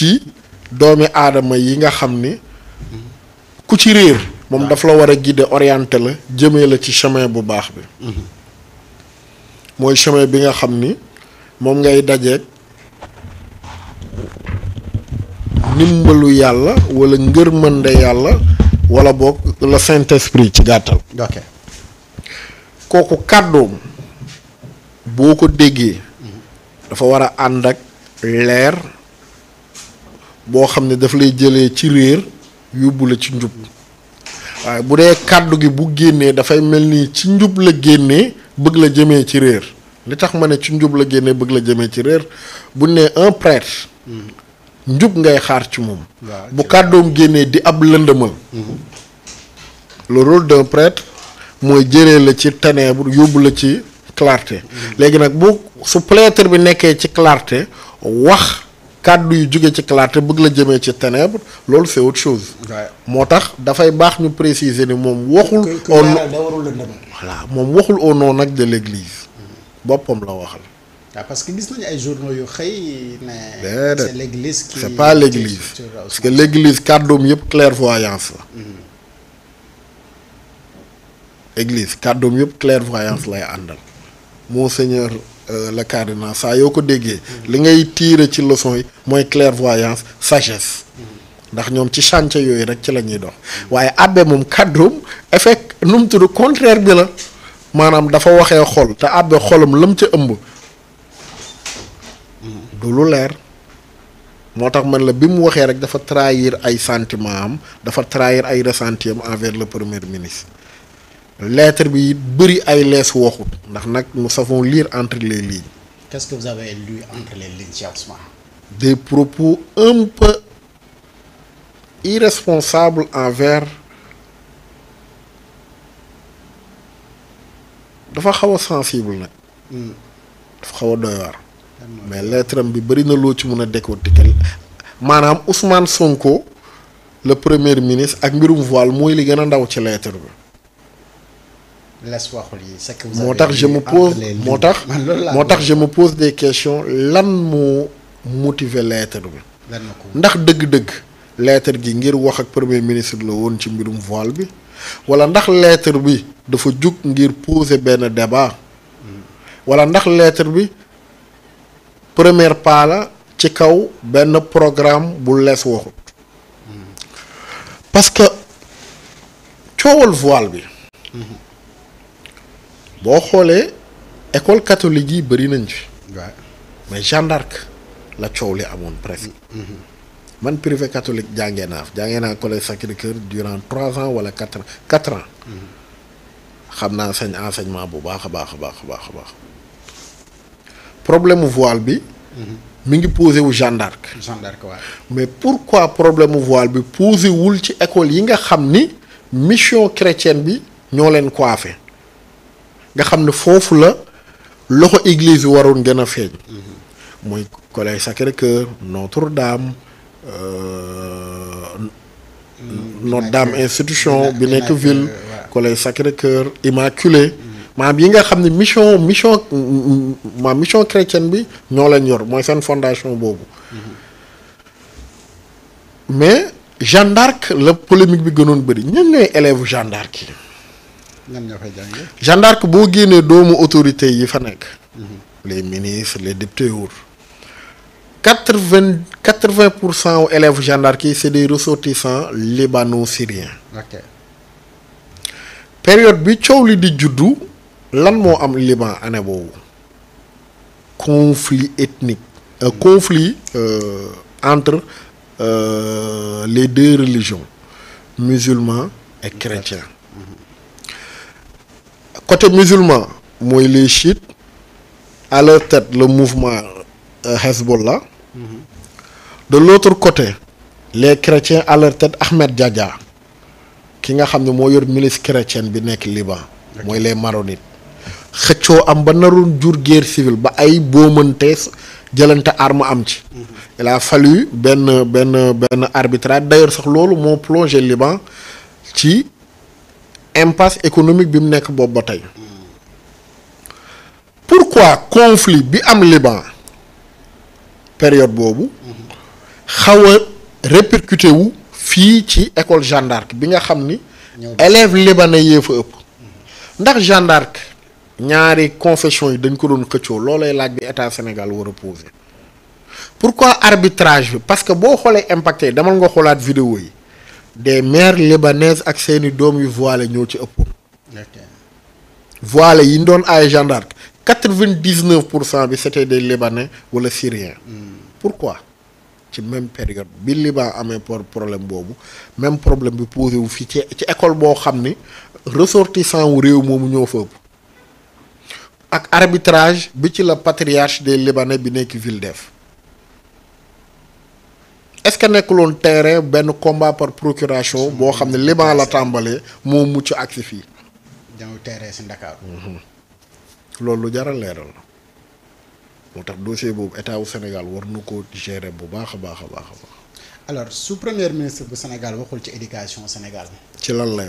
ci doomi aadama yi nga xam ni ku ci réer moom daf la war a guider orienté la jëme la ci chemin bu baax bi mooy chemin bi nga xam ni moom ngay dajeeg ndimbalu yàlla walla wala ngërmande yàlla wala boog la saint esprit ci gàttal ok kooku kàddoom boo ko déggee mm-hmm. dafa war a ànd ak leer boo xam ne daf lay jëlee ci réer yóbbu la ci njub waaye bu dee kàddu gi bu génnee dafay mel ni ci njub la génnee bëgg la jëmee ci réer li tax ma ne ci njub la génnee bëgg la jëmee ci réer bu ne un prêtre mm-hmm. njub ngay xaar ci moom bu kàddoom génnee di ab lëndëmal mm-hmm. le rôle d'un prêtre mooy jëlee la ci ténèbre yóbbu la ci clarté mm-hmm. léegi nag bu su prêtre bi nekkee ci clarté wax kàddu yu jóge ci clarté bëgg la jëmee ci ténèbre loolu c'est autre chose. moo tax dafay baax ñu préciser ni moom waxul. au nom voilà moom waxul au nom nag de l'église. Hmm. boppam la waxal. waaw ah, parce que gis nañu ay journaux yu xëy ne. c'est l'église qui c'est pas l'église parce que l'église kàddoom yëpp clairvoyance la. Hmm. église kàddoom yëpp clairvoyance lay àndal. monseigneur. Euh, la cardinal saa yoo ko déggee li ngay tiire ci leçon yi mooy clairvoyance sagesse ndax ñoom ci chance yooyu rek ci la ñuy dox waaye abbé moom kàddoom effet nu mu tudd contraire bi la maanaam dafa waxee xol te abbé xolam lam ci ëmb du lu leer moo tax man la bi mu waxee rek dafa trahir ay sentiment am dafa trahir ay ressenti am envers le premier ministre lettre bi it bëri ay lees waxut ndax nag nous savons lire entre les lignes. qu'est-ce que vous avez lu entre les lignes ci Ousmane. des propos un peu irresponsables envers dafa xaw a sensible nag. Hmm. dafa xaw a doy mais lettre am bi bëri na loo ci mun a décortiquer maanaam Ousmane Sonko le premier ministre ak mbirum voile mooy li gën a ndaw ci lettre bi. les waxul yi c'est que vous moo tax je me pose moo tax moo tax je me pose des questions lan moo motiver lettre bi ndax dëgg-dëgg lettre gi ngir wax ak premier ministre la woon ci mbirum voile bi wala ndax lettre bi dafa jug ngir poser benn débat hmm. wala ndax lettre bi première pas la ci kaw benn programme bu lees waxut hmm. parce que coowal voile bi hmm. boo xoolee école catholique yi bëri nañ fi. mais Jeanne d'Arc la coow li amoon presque. Mm-hmm. Mm-hmm. man privé catholique jàngee naa fa jàngee naa collège Sacré-Cœur durant trois ans wala quatre ans quatre mm-hmm. xam naa seen enseignement bu baax a baax a baax a baax a baax problème mu voile bi. mu ngi posé wu Jeanne d'Arc. Jeanne d'Arc waaw mais pourquoi problème mu voile bi posé wul ci école yi nga xam ni mission chrétienne bi ñoo leen coiffé. nga xam ne foofu la loxo église bi waroon gën a feeñ. Mm-hmm. muy collège Sacré-Cœur Notre-Dame. Euh, mm-hmm. Notre-Dame institution bi nekk ville. collège Sacré-Cœur Immaculée. Mm-hmm. maam yi nga xam ne mission mission maam mission chrétienne bi ñoo lañ yor mooy seen fondation boobu. mais Jeanne d'Arc la polémique bi gënoon bëri ñan ñooy élèves Jeanne yi ñan ñoo fay jàngee. Jeanne boo génnee doomu autorité yi fa nekk. Mm-hmm. les ministres les députés wut. quatre vingt quatre vingt pour cent aux élèves Jeanne yi c' est des ressortissants libano-syriens. ok période bi coow li di juddu lan moo am Liban année boobu. conflit ethnique. Euh, mm-hmm. conflit euh, entre euh, les deux religions musulmans et chrétiens. côté musulman mooy les chite à leur tête le mouvement euh, Hezbollah euh, de l'autre côté les chrétiens à leur tête Ahmed Djadja ki nga xam ne moo yor milice chrétienne bi nekk Liban mooy les maronites xëccoo am ba narul jur guerre civile ba ay boomante jëlante arme am ci mhm. il a fallu benn benn benn arbitrage d'ailleurs sax loolu moo plongé Liban ci impasse économique bi mu nekk boobu ba tey pourquoi conflit bi am Liban période boobu xaw a répercuté wu fii ci école Jeanne bi nga xam ni élèves libanais yee fa ëpp ndax Jeanne ñaari confession yi dañ ko doon xëccoo loolay laaj bi état Sénégal war a poser pourquoi arbitrage bi parce que boo xoolee impacté damal nga xoolaat vidéo yi des mères libanaises ak seeni doom yu voilé ñoo ci ëpp. voilé yi ñu doon ay Jeanne quatre-vingt-dix-neuf pour cent bi c'était des libanais wala syriens. Hmm. pourquoi ci même période bi Liban amee pour problème boobu même problème bi posé wu fii ci ci école boo xam ni ressortissant wu réew moomu ñoo fa ëpp ak arbitrage bi ci la patriarche des libanais bi nekk ville def est-ce que nekkuloon terrain benn combat par procuration boo xam ne liban la tàmbalee moo mucc agsi fii. ñëw terrain si Ndakaaru. Mhm. loolu lu jaral leeral la moo tax dossier boobu état wu Sénégal war na ko gérer bu baax a baax a baax a baax. ministre bu Sénégal waxul ci éducation Sénégal. ci lan lay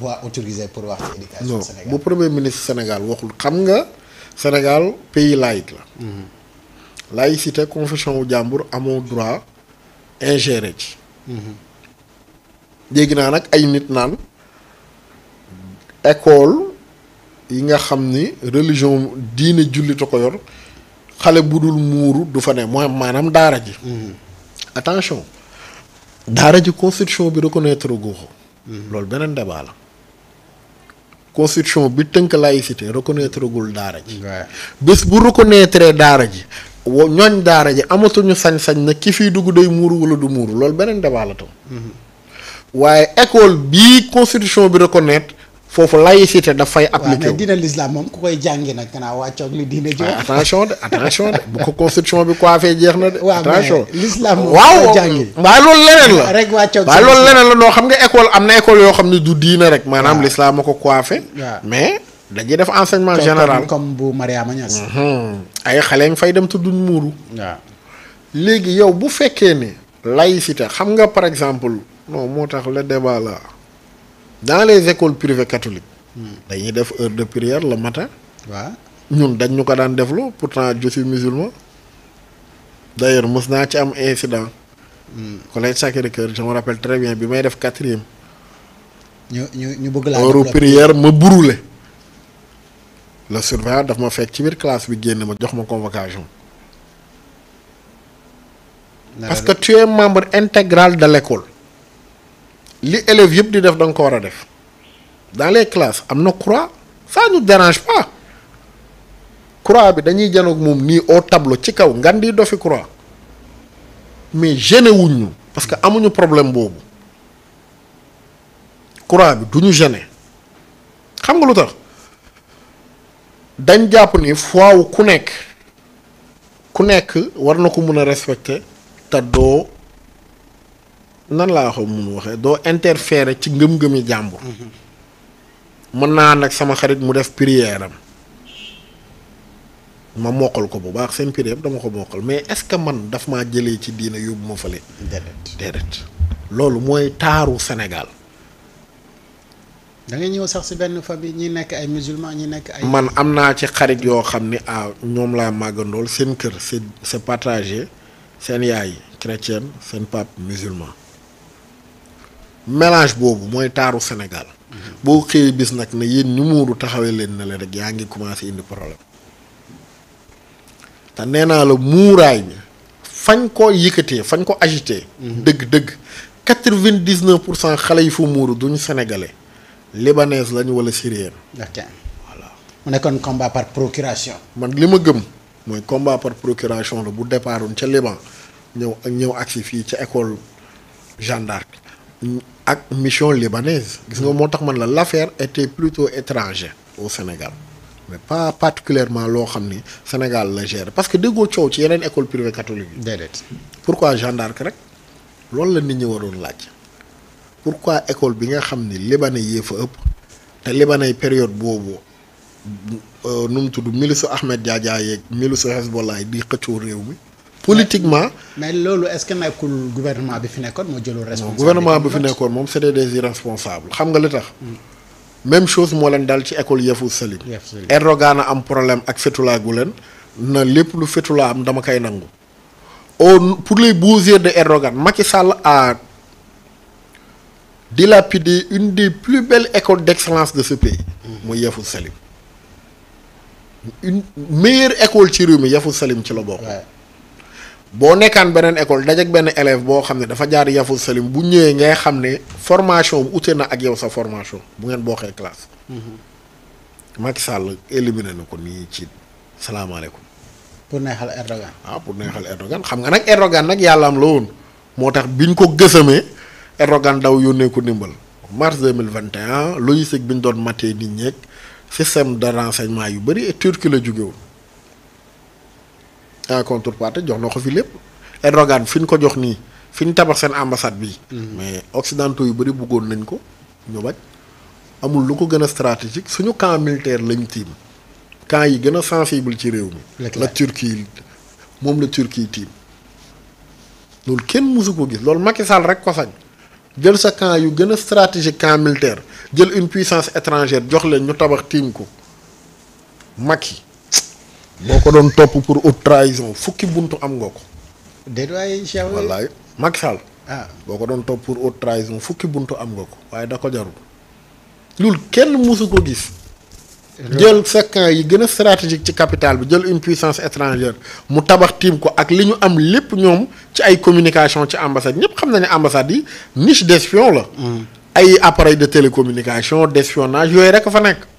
wax quelle pour wax ci éducation premier ministre Sénégal waxul xam nga Sénégal pays laïque la. Mhm. laïcité confession wu jàmbur amoo droit. ingéré ci. dégg naa nag ay nit naan école yi nga xam ni religion diine jullit ko yor xale bu dul muuru du fa ne mooy maanaam daara ji. Mm-hmm. attention daara ji constitution bi reconnaître gu ko. Mm-hmm. loolu beneen débat la. constitution bi tënk laïcité reconnaître gul daara ji. bés bu reconnaître daara ji wo ñooñ daara ji amatuñu sañ-sañ na ki fiy dugg day muuru wala du muuru loolu beneen débat la tam mm-hmm. waaye école bii constitution bi reconnaître foofu laïcité dafay appliqué mais dina l'islam moom ku koy jàngi nag kanaa wàccoog li diine ji attention de attention de bu ko constitution bi coiffé jeex na de attention l'islam moom waaw jàngi waaye loolu leneen la rek wàccoog waaye loolu leneen la noo xam nga école am na école yoo xam ne du diine rek maanaam l'islam ma ko coiffé mais dañuy def enseignement général comme bu Mariama Niass mm-hmm. ay xale nga fay dem te duñ muuru waaw léegi yow bu fekkee ne laïcité xam nga par exemple non moo tax le débat là dans les écoles privées catholiques hmm. dañuy def heure de prière le matin waa ñun dañ ñu ko daan defloo pourtant je suis musulman d'ailleurs mës naa ci am incident collège hmm. Sacré-Cœur je me très bien bi may def quatrième ñu ñu ñu bëgg laa heure prière ma brûlé la surveillant daf ma fekk ci biir classe bi génn ma jox ma convocation. parce que tu membre intégral da l'école li élèves yëpp di def danga ko war a def dans les classes am na courant ça nous dérange pas croix bi dañuy janoog moom nii au tableau ci kaw ngan di dofi croix mais gêné wuñ ñu parce que amuñu problème boobu courant bi du ñu gêné xam nga lu tax dañ jàpp ni foi ku nekk ku nekk war na ko mun a respecter te doo nan laa ko mun waxee doo interférer ci ngëm-ngëmi jàmbur. Mm-hmm. mën naa nag sama xarit mu def prière am ma mokkal ko bu baax seen prière dama ko mokkal mais est-ce que man daf maa jëlee ci diina yóbbu ma fële. déedéet déedéet. loolu mooy taaru senegal da ngay ñëw sax si benn famille ñi nekk ay musulman ñi nekk ay. man am naa ci xarit yoo xam ni ah ñoom laa màggandool seen kër c'est c'est partagé seen yaay chrétienne seen pape musulman mélange boobu mooy taaru Sénégal. boo xëyee bis nag ne yéen ñu muuru taxawee leen ne la rek yaa ngi commencé indi problème te nee naa la muuraay bi fañ ko yëkkatee fañ ko agité. Mm-hmm. dëgg dëgg quatre-vingt-dix-neuf pour cent xale yi fa muuru duñu sénégalais. libanaise lañ wala syrienne. ok voilà. mu nekkoon combat par procuration. man li ma gëm mooy combat par procuration la bu départoon ca Liban ñëw ak ñëw agsi fii ca école Jeanne ak mission libanaise. gis nga moo tax man la l'affaire était plutôt étrangère au Sénégal. mais pas particulièrement loo xam ni Sénégal la gère parce que déggoo coow ci yeneen école privée catholique yi. déedéet pourquoi Jeanne rek loolu la nit ñi waroon laaj. pourquoi école bi nga xam ne libanais yee fa ëpp te libanais période boobu euh, nu mu tudd milisu Ahmed Diadia yeeg milisu Hezbollah yi di xëccoo réew mi. politiquement mais loolu est-ce que nekkul gouvernement bi fi nekkoon moo jëlul responsable gouvernement bi fi nekkoon moom c'était des irresponsables xam nga li tax. Hmm. même chose moo leen daal ci école Yefu Salim. Erdogan a am problème ak Fethullah Gülen na lépp lu Fethullah am dama koy nangu. au pour les beaux yeux Erdogan Macky Sall di dilapider une de plus belles écoles d'excellence de ce pays mooy Yafus Salim une meilleure école ci réew mi Yafus Salim ci la bokk boo nekkaan beneen école dajek benn élève boo xam ne dafa jaar Yafus Salim bu ñëwee ngay xam ne formation bu ute na ak yow sa formation bu ngeen bokkee classe mm-hmm. Macky Sall éliminé na ko nii ci salaamaaleykum pour neexal Erdogan waaw ah, pour neexal Erdogan xam nga nag Erdogan nag yàlla am la woon moo tax bi biñ ko gësamee Erdogan daw yónnee ko ndimbal mars 2021 logistique bi ñu doon matee nit ñeeg système de renseignement yu bëri et Turquie la jóge woon en contrepartie jox na ko fi lépp Erdogan fi ñu ko jox nii fi ñu tabax seen ambassade bi mhm. mais occidentaux yu bari buggoon nañ ko ñu bañ amul lu ko gën a stratégique suñu camp militaire lañ tiim camp yi gën a sensible ci réew mi la Turquie moom la Turquie tiim loolu kenn mësu ko gis loolu Macky Sall rek ko sañ jël sa camp yu gën a stratégique camp militaire jël une puissance étrangère jox leen ñu tabax tiim ko Macky boo ko doon topp pour haute trahison fukki buntu am nga ko. déedéet waaye incha allah wallaay Macky Sall. ah boo ko doon topp pour haute trahison fukki buntu am nga ko waaye da ko jarul loolu kenn mësu ko gis. jël second yi gën a stratégique ci capital bi jël une puissance étrangère mu tabax tiim ko ak li ñu am lépp ñoom ci ay communication ci ambassade ñëpp xam na ne ambassade yi niche d' espion la. Mm. ay appareil de télécommunication d' espionnage yooyu rek fa nekk.